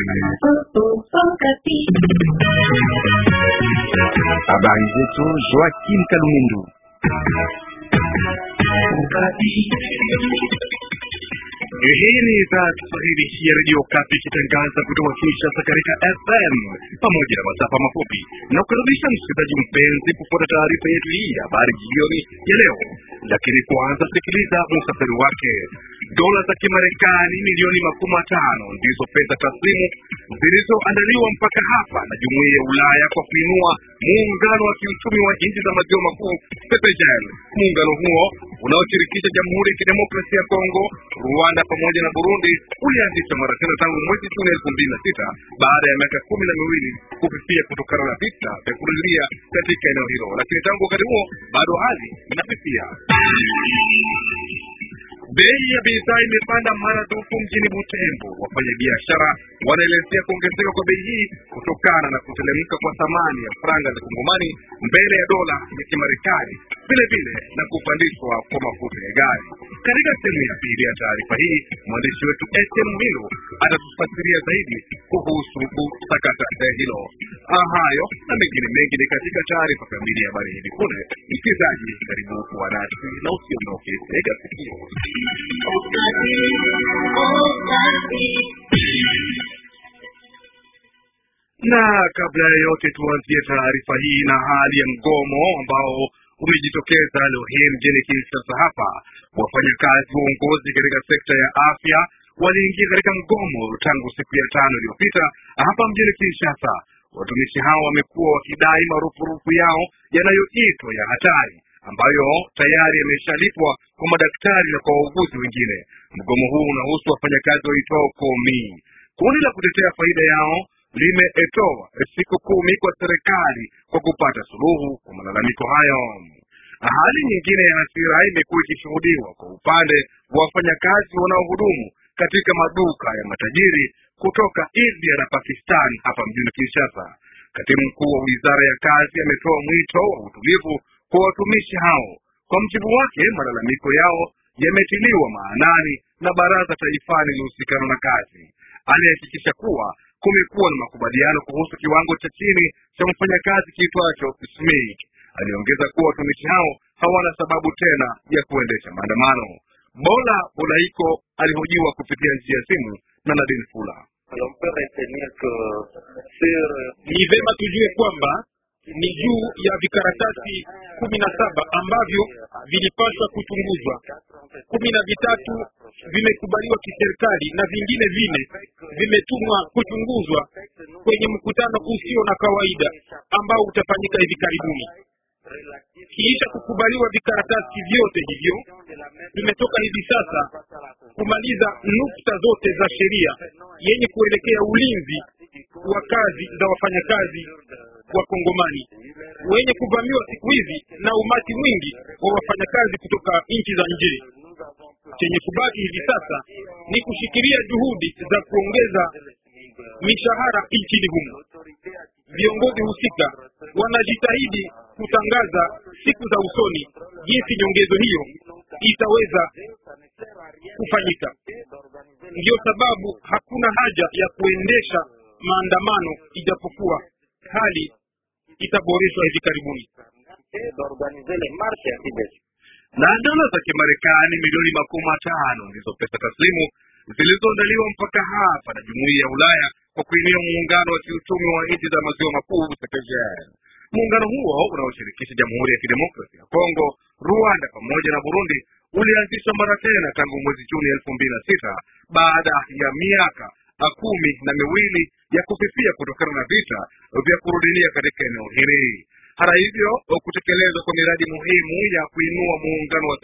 Habari zetu Joakim Kalumendo. Hii ni idhaa ya Kiswahili ya Radio Okapi ikitangaza kutoka Kinshasa katika FM pamoja na masafa mafupi na kukaribisha msikilizaji mpenzi kufuata taarifa yetu hii ya habari jioni ya leo, lakini kwanza sikiliza musafiri wake Dola za Kimarekani milioni makumi matano ndizo pesa taslimu zilizoandaliwa mpaka hapa na Jumuiya ya Ulaya kwa kuinua muungano wa kiuchumi wa nchi za maziwa makuu SEPEJAN. Muungano huo unaoshirikisha Jamhuri ya Kidemokrasia ya Kongo, Rwanda pamoja na Burundi ulianzishwa mara tena tangu mwezi Juni elfu mbili na sita baada ya miaka kumi na miwili kufifia kutokana na vita vya kurudia katika eneo hilo, lakini tangu wakati huo bado hali inafifia. Bei ya bidhaa imepanda maradufu mjini Butembo. Wafanyabiashara wanaelezea kuongezeka kwa bei hii kutokana na kutelemka kwa thamani ya franga za Kongomani mbele ya dola ya Kimarekani, vilevile na kupandishwa kwa mafuta ya gari. Katika sehemu ya pili ya taarifa hii, mwandishi wetu Etienne Milo atatufasiria zaidi kuhusu sakata hilo. Ah, hayo na mengine mengi ni katika taarifa kamili ya habari hivi punde. Msikilizaji, karibu kuwa nasi na usiondoke, tega sikio. Na kabla ya yote tuanzie taarifa hii na hali ya mgomo ambao umejitokeza leo hii mjini Kinshasa hapa. Wafanyakazi waongozi katika sekta ya afya waliingia katika mgomo tangu siku ya tano iliyopita hapa mjini Kinshasa. Watumishi hao wamekuwa wakidai marupurupu yao yanayoitwa ya hatari ambayo tayari yameshalipwa kwa madaktari na kwa wauguzi wengine. Mgomo huu unahusu wafanyakazi waitwao Komi. Kundi la kutetea faida yao limetoa siku kumi kwa serikali kwa kupata suluhu kwa malalamiko hayo. Hali nyingine ya hasira imekuwa ikishuhudiwa kwa upande wa wafanyakazi wanaohudumu katika maduka ya matajiri kutoka India na Pakistan hapa mjini Kinshasa. Katibu mkuu wa wizara ya kazi ametoa mwito wa utulivu kwa watumishi hao. Kwa mjibu wake, malalamiko yao yametiliwa maanani na baraza taifani linahusikana na kazi. Alihakikisha kuwa kumekuwa na makubaliano kuhusu kiwango cha chini cha mfanyakazi kiitwacho smik Aliongeza kuwa watumishi hao hawana sababu tena ya kuendesha maandamano. Bola Bolaiko alihojiwa kupitia njia ya simu na nadin Fula. Ni vema tujue kwamba ni juu ya vikaratasi kumi na saba ambavyo vilipaswa kuchunguzwa. Kumi na vitatu vimekubaliwa kiserikali na vingine vine vimetumwa kuchunguzwa kwenye mkutano usio na kawaida ambao utafanyika hivi karibuni. Kiisha kukubaliwa vikaratasi vyote hivyo, tumetoka hivi sasa kumaliza nukta zote za sheria yenye kuelekea ulinzi wa kazi za wafanyakazi wa Kongomani wenye kuvamiwa siku hizi na umati mwingi wa wafanyakazi kutoka nchi za nje. Chenye kubaki hivi sasa ni kushikilia juhudi za kuongeza mishahara nchini humo. Viongozi husika wanajitahidi kutangaza siku za usoni jinsi nyongezo hiyo itaweza kufanyika. Ndiyo sababu hakuna haja ya kuendesha maandamano ijapokuwa hali itaboreshwa hivi karibuni na dola za kimarekani milioni makumi matano ndizo pesa taslimu zilizoandaliwa mpaka hapa na jumuiya ya ulaya kwa kuinia muungano wa kiuchumi wa nchi za maziwa makuu sekejea muungano huo unaoshirikisha jamhuri ya kidemokrasi ya kongo rwanda pamoja na burundi ulianzishwa mara tena tangu mwezi juni elfu mbili na sita baada ya miaka kumi na miwili ya kufifia kutokana na vita vya kurudilia katika eneo hili. Hata hivyo, kutekelezwa kwa miradi muhimu ya kuinua muungano wa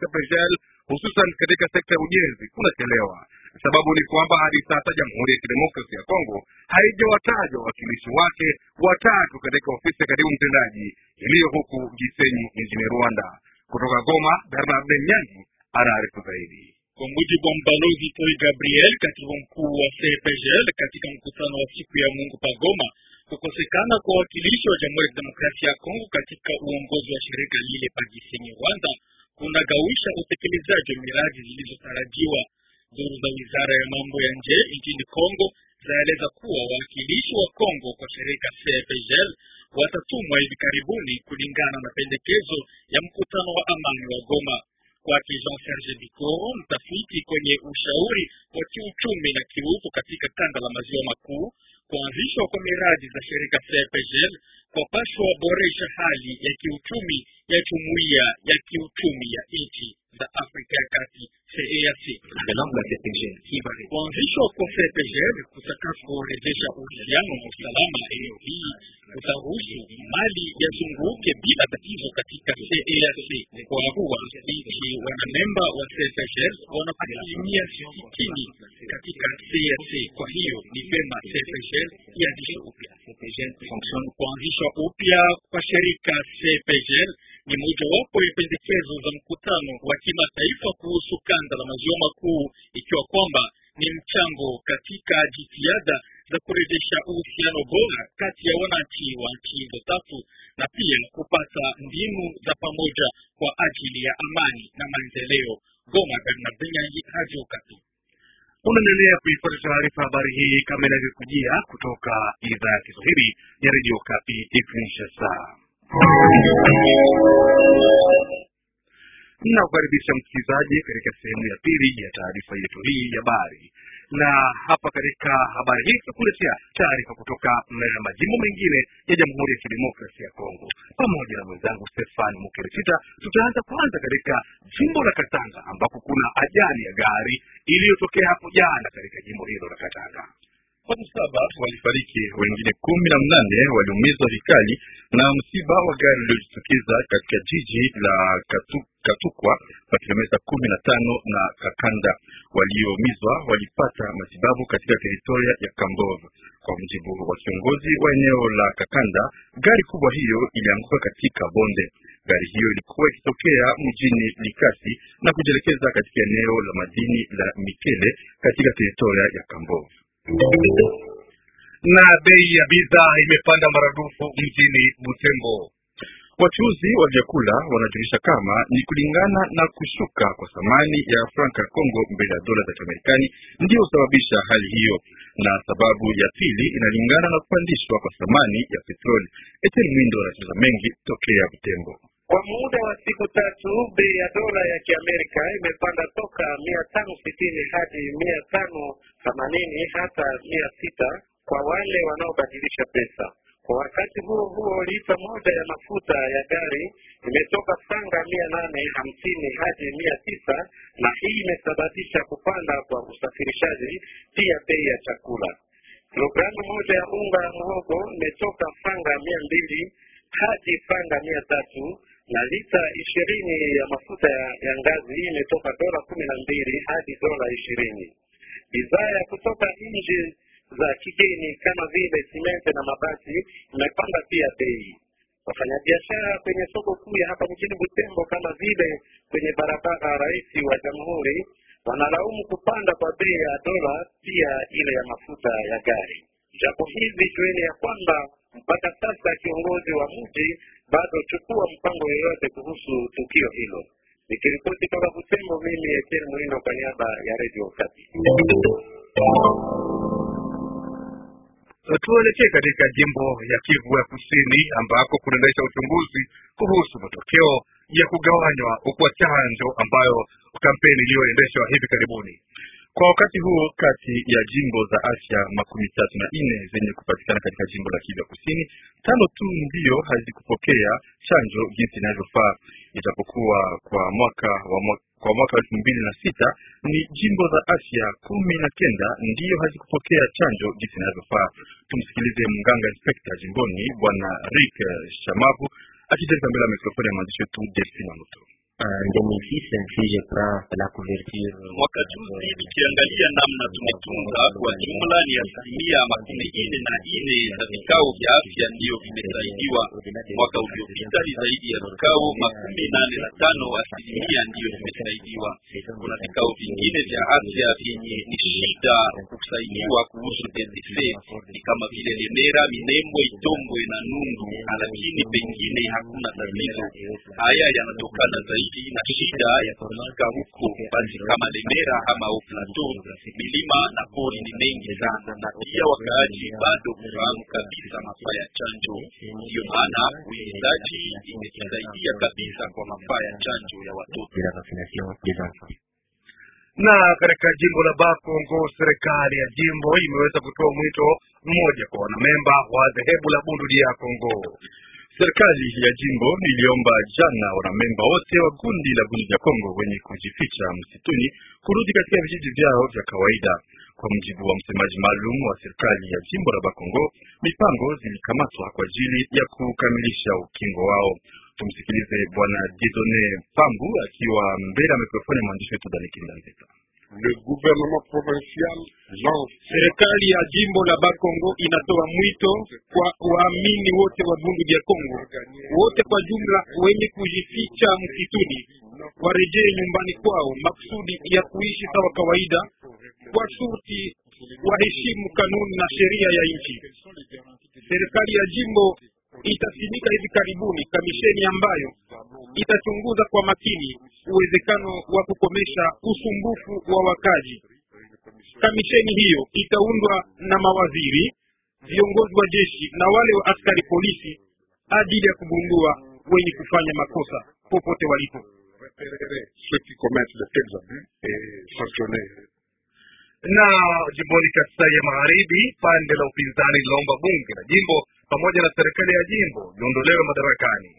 Sepejel hususan katika sekta ya ujenzi kunachelewa. Sababu ni kwamba hadi sasa Jamhuri ya kidemokrasi ya Kongo haijawataja wawakilishi wake watatu katika ofisi ya katibu mtendaji iliyo huku Gisenyi nchini Rwanda. Kutoka Goma, Bernard Nyanyi anaarifu zaidi. Kwa mujibu wa mbalozi Paul Gabriel, katibu mkuu wa CPGL, katika mkutano wa siku ya Mungu pagoma, kukosekana kwa wakilishi wa Jamhuri ya Demokrasia ya Kongo katika uongozi wa shirika lile Pagisemi Rwanda kunagawisha utekelezaji wa miradi zilizotarajiwa. Duru za wizara ya mambo ya nje nchini Kongo zaeleza kuwa wawakilishi wa Kongo kwa shirika CPGL watatumwa hivi karibuni kulingana na pendekezo ya mkutano wa amani wa Goma kwake Jean Serge Bikoro, mtafiti kwenye ushauri wa kiuchumi na kiutu katika kanda la maziwa makuu, kuanzishwa kwa miradi za shirika CPGL kwa pashwa boresha hali ya kiuchumi ya jumuiya ya kiuchumi ya nchi za Afrika ya Kati CEEAC. Kuanzishwa kwa CPGL kutakakorejesha uhusiano wa usalama eneo hii kutaruhusu mali yazunguke bila tatizo katika CEEAC, kwa kuwa nchi wanamemba wa CPGL wanapata asilimia sitini katika CEEAC. Kwa hiyo ni vyema CPGL ianzishwe upya. Kuanzishwa upya kwa shirika CPGL ni mojawapo ya pendekezo za mkutano wa kimataifa kuhusu kanda la maziwa makuu, ikiwa kwamba ni mchango katika jitihada za kurejesha uhusiano bora kati ya wananchi wa nchi hizo tatu na pia kupata mbinu za pamoja kwa ajili ya amani na maendeleo. Goma, Bernard Nyangi, Radio Okapi. Unaendelea kuipata taarifa habari hii kama inavyokujia kutoka idhaa ya Kiswahili ya Radio Okapi. Saa Ninakukaribisha msikilizaji katika sehemu ya pili ya taarifa yetu hii ya habari, na hapa katika habari hii tutakuletea taarifa kutoka majimbo mengine ya Jamhuri ya Kidemokrasia ya Kongo pamoja na mwenzangu Stefan mukerisita Tutaanza kwanza katika jimbo la Katanga ambako kuna ajali ya gari iliyotokea hapo jana katika jimbo hilo la Katanga watu saba walifariki, wengine kumi na mnane waliumizwa vikali na msiba wa gari uliojitokeza katika jiji la Katu, Katukwa pa kilomita kumi na tano na Kakanda. Walioumizwa walipata matibabu katika teritoria ya Kambov. Kwa mjibu wa kiongozi wa eneo la Kakanda, gari kubwa hiyo ilianguka katika bonde. Gari hiyo ilikuwa ikitokea mjini Likasi na kujielekeza katika eneo la madini la Mikele katika teritoria ya Kambova. Na bei ya bidhaa imepanda maradufu mjini Butembo. Wachuzi wa vyakula wanajulisha kama ni kulingana na kushuka kwa thamani ya franka ya Kongo mbele ya dola za Kimarekani ndiyo husababisha hali hiyo, na sababu ya pili inalingana na kupandishwa kwa thamani ya petroli. Etienne Mwindo anacheza mengi tokea Butembo. Kwa muda wa siku tatu bei ya dola ya Kiamerika imepanda toka mia tano sitini hadi mia tano themanini hata mia sita kwa wale wanaobadilisha pesa. Kwa wakati huo huo, lita moja ya mafuta ya gari imetoka franga mia nane hamsini hadi mia tisa na hii imesababisha kupanda kwa usafirishaji, pia bei ya chakula. Kilogramu moja ya unga ya mhogo imetoka franga mia mbili hadi franga mia tatu na lita ishirini ya mafuta ya ngazi hii imetoka dola kumi na mbili hadi dola ishirini. Bidhaa ya kutoka nje za kigeni kama vile simente na mabati imepanda pia bei. Wafanyabiashara kwenye soko kuu ya hapa mjini Butembo, kama vile kwenye barabara Rais wa Jamhuri, wanalaumu kupanda kwa bei ya dola pia ile ya mafuta ya gari. Japo hivi jueni ya kwamba mpaka sasa kiongozi wa mji bado chukua mpango yoyote kuhusu tukio hilo. Nikiripoti toka kusemo mimi Etiel mwino kwa niaba ya Radio Kati. Tuelekee katika jimbo ya Kivu ya Kusini ambako kunaendesha uchunguzi kuhusu matokeo ya kugawanywa kwa chanjo ambayo kampeni iliyoendeshwa hivi karibuni. Kwa wakati huo kati ya jimbo za afya makumi tatu na nne zenye kupatikana katika jimbo la Kivu Kusini, tano tu ndiyo hazikupokea chanjo jinsi inavyofaa, ijapokuwa kwa mwaka wa kwa mwaka elfu mbili na sita ni jimbo za afya kumi na kenda ndiyo hazikupokea chanjo jinsi inavyofaa. Tumsikilize mganga inspekta jimboni Bwana Rik Shamavu akijelika mbele ya mikrofoni ya mwandishi wetu Delfina Muto. En 2006 inflige Franc la couverture. Mwaka juzi tukiangalia namna tumetunza kwa jumla ni asilimia makumi ine na ine za vikao vya afya ndiyo vimesaidiwa. Mwaka uliopita ni zaidi ya vikao makumi nane na tano asilimia ndiyo vimesaidiwa. Kuna vikao vingine vya afya vyenye ni shida kusaidiwa kuhusu TBC ni kama vile Lemera, Minembwe, Itombwe na Nundu, lakini pengine hakuna tatizo. Haya yanatokana zaidi baridi na shida ya kunuka huko, basi kama Lemera ama Plateau, milima na pori ni mengi sana, na pia wakaaji bado kufahamu kabisa mafaa ya chanjo. Ndiyo maana uwekezaji imesaidia kabisa kwa mafaa ya chanjo ya watoto na katika jimbo la Bakongo serikali ya jimbo imeweza kutoa mwito mmoja kwa wanamemba wa dhehebu la Bundu dia Kongo Serikali ya jimbo iliomba jana wanamemba wote wa kundi la bunge la Kongo wenye kujificha msituni kurudi katika vijiji vyao vya kawaida. Kwa mjibu wa msemaji maalum wa serikali ya jimbo la Bakongo, mipango zilikamatwa kwa ajili ya kukamilisha ukingo wao. Tumsikilize Bwana Didone Pambu akiwa mbele ya mikrofoni ya mwandishi wetu Dani Kindanzeka le gouvernement provincial lance. Serikali ya jimbo la Bakongo inatoa mwito kwa waamini wote wa bundu vya Kongo, wote kwa jumla wenye kujificha msituni warejee nyumbani kwao maksudi ya kuishi sawa kawaida, kwa shurti waheshimu kanuni na sheria ya nchi. Serikali ya jimbo itasimika hivi karibuni kamisheni ambayo itachunguza kwa makini uwezekano wa kukomesha usumbufu wa wakaji Kamisheni hiyo itaundwa na mawaziri, viongozi wa jeshi na wale wa askari polisi ajili ya kugundua wenye kufanya makosa popote walipo. Na jimboni Kasai ya Magharibi, pande la upinzani liliomba bunge la jimbo pamoja na serikali ya jimbo liondolewe madarakani.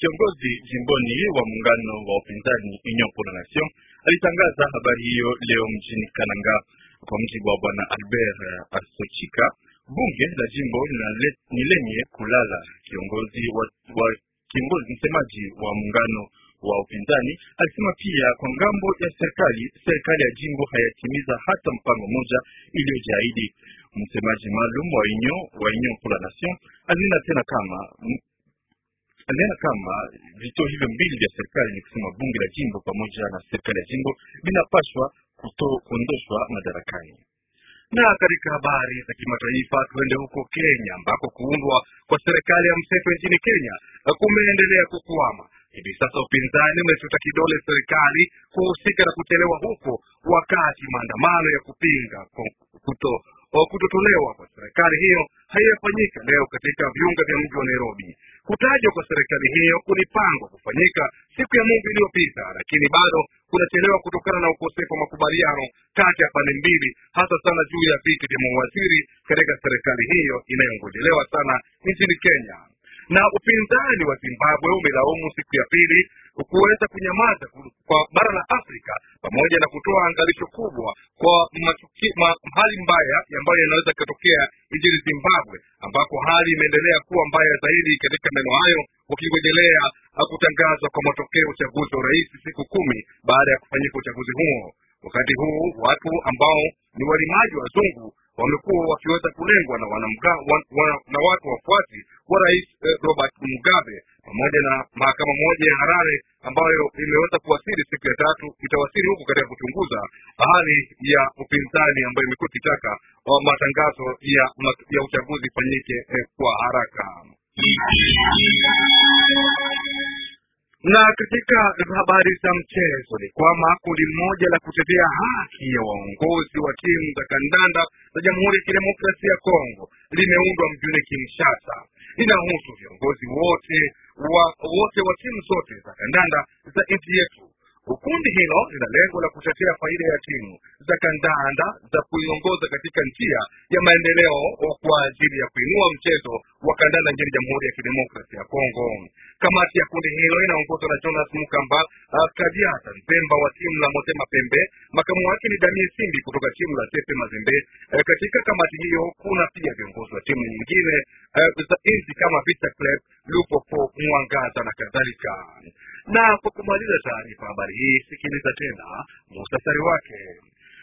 Kiongozi jimboni wa muungano wa upinzani Union na la Nation alitangaza habari hiyo leo mjini Kananga. Kwa mjibu wa bwana Albert Asochika, bunge la jimbo ni lenye kulala. Kiongozi wa, wa kiongozi msemaji wa muungano wa upinzani alisema pia kwa ngambo ya serikali, serikali ya jimbo hayatimiza hata mpango mmoja iliyojaidi. Msemaji maalum wa Union pour la Nation alina tena kama aliana kama vituo hivyo mbili vya serikali ni kusema bunge la jimbo pamoja na serikali ya jimbo vinapashwa kuondoshwa madarakani. Na katika habari za kimataifa tuende huko Kenya ambako kuundwa kwa serikali ya mseto nchini Kenya kumeendelea kukwama. Hivi sasa upinzani umefuta kidole serikali kuhusika na kuchelewa huko, wakati maandamano ya kupinga kuto wa kutotolewa kwa serikali hiyo haiyafanyika leo katika viunga vya mji wa Nairobi. Kutajwa kwa serikali hiyo kulipangwa kufanyika siku ya Mungu iliyopita, lakini bado kunachelewa kutokana na ukosefu wa makubaliano kati ya pande mbili, hasa sana juu ya viti vya mawaziri katika serikali hiyo inayongojelewa sana nchini Kenya. Na upinzani wa Zimbabwe umelaumu siku ya pili kuweza kunyamaza kwa bara la afrika pamoja na kutoa angalisho kubwa kwa hali mbaya ambayo inaweza ikatokea nchini zimbabwe ambako hali imeendelea kuwa mbaya zaidi katika maeneo hayo ukingojelea uh, kutangazwa kwa matokeo ya uchaguzi wa urais siku kumi baada ya kufanyika uchaguzi huo wakati huu watu ambao ni walimaji wazungu wamekuwa wakiweza kulengwa na wanamka, wan, wan, na watu wafuasi wa rais eh, robert mugabe pamoja na mahakama moja ya harare ambayo imeweza kuwasili siku ya tatu itawasili huku katika kuchunguza hali ya upinzani ambayo imekuwa ikitaka uh, matangazo ya, ya uchaguzi ifanyike eh, kwa haraka na katika habari za mchezo ni kwamba kundi mmoja la kutetea haki ya waongozi wa timu za kandanda za Jamhuri ya Kidemokrasia ya Kongo limeundwa mjini Kinshasa. inahusu viongozi wote wa wote wa timu zote za kandanda za nchi yetu Kundi hilo lina lengo la kutetea faida ya timu za kandanda za kuiongoza katika njia ya maendeleo kwa ajili ya kuinua mchezo wa kandanda nchini Jamhuri ya Kidemokrasia ya Kongo. Kamati ya kundi hilo inaongozwa na Jonas Mukamba uh, Kadiata, mpemba wa timu la Motema Pembe. Makamu wake ni Danie Simbi kutoka timu la Tepe Mazembe. Uh, katika kamati hiyo kuna pia viongozi wa timu nyingine uh, za nchi kama Vita Club, Lupopo, Mwangaza na kadhalika. Na kwa kumaliza taarifa habari Sikiliza tena muhtasari wake.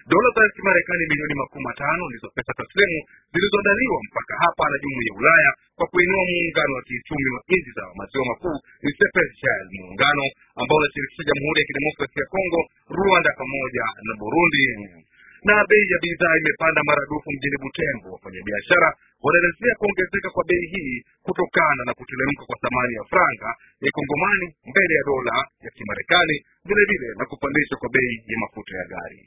Dola za Kimarekani milioni makumi matano ndizo pesa taslimu zilizoandaliwa mpaka hapa na jumuiya ya Ulaya kwa kuinua muungano wa kiuchumi wa nchi za maziwa makuu CPEH, muungano ambao unashirikisha Jamhuri ya Kidemokrasia ya Kongo, Rwanda pamoja na Burundi na bei ya bidhaa imepanda maradufu mjini Butembo. Wafanyabiashara wanaelezea kuongezeka kwa bei hii kutokana na kutelemka kwa thamani ya franga ya kongomani mbele ya dola ya Kimarekani, vilevile na kupandishwa kwa bei ya mafuta ya gari.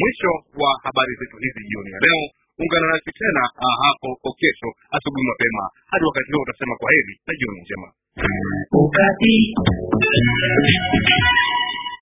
Mwisho wa habari zetu hizi jioni ya leo. Ungana nasi tena ah, hapo kesho asubuhi mapema. Hadi wakati huo, utasema kwa heri na jioni njema.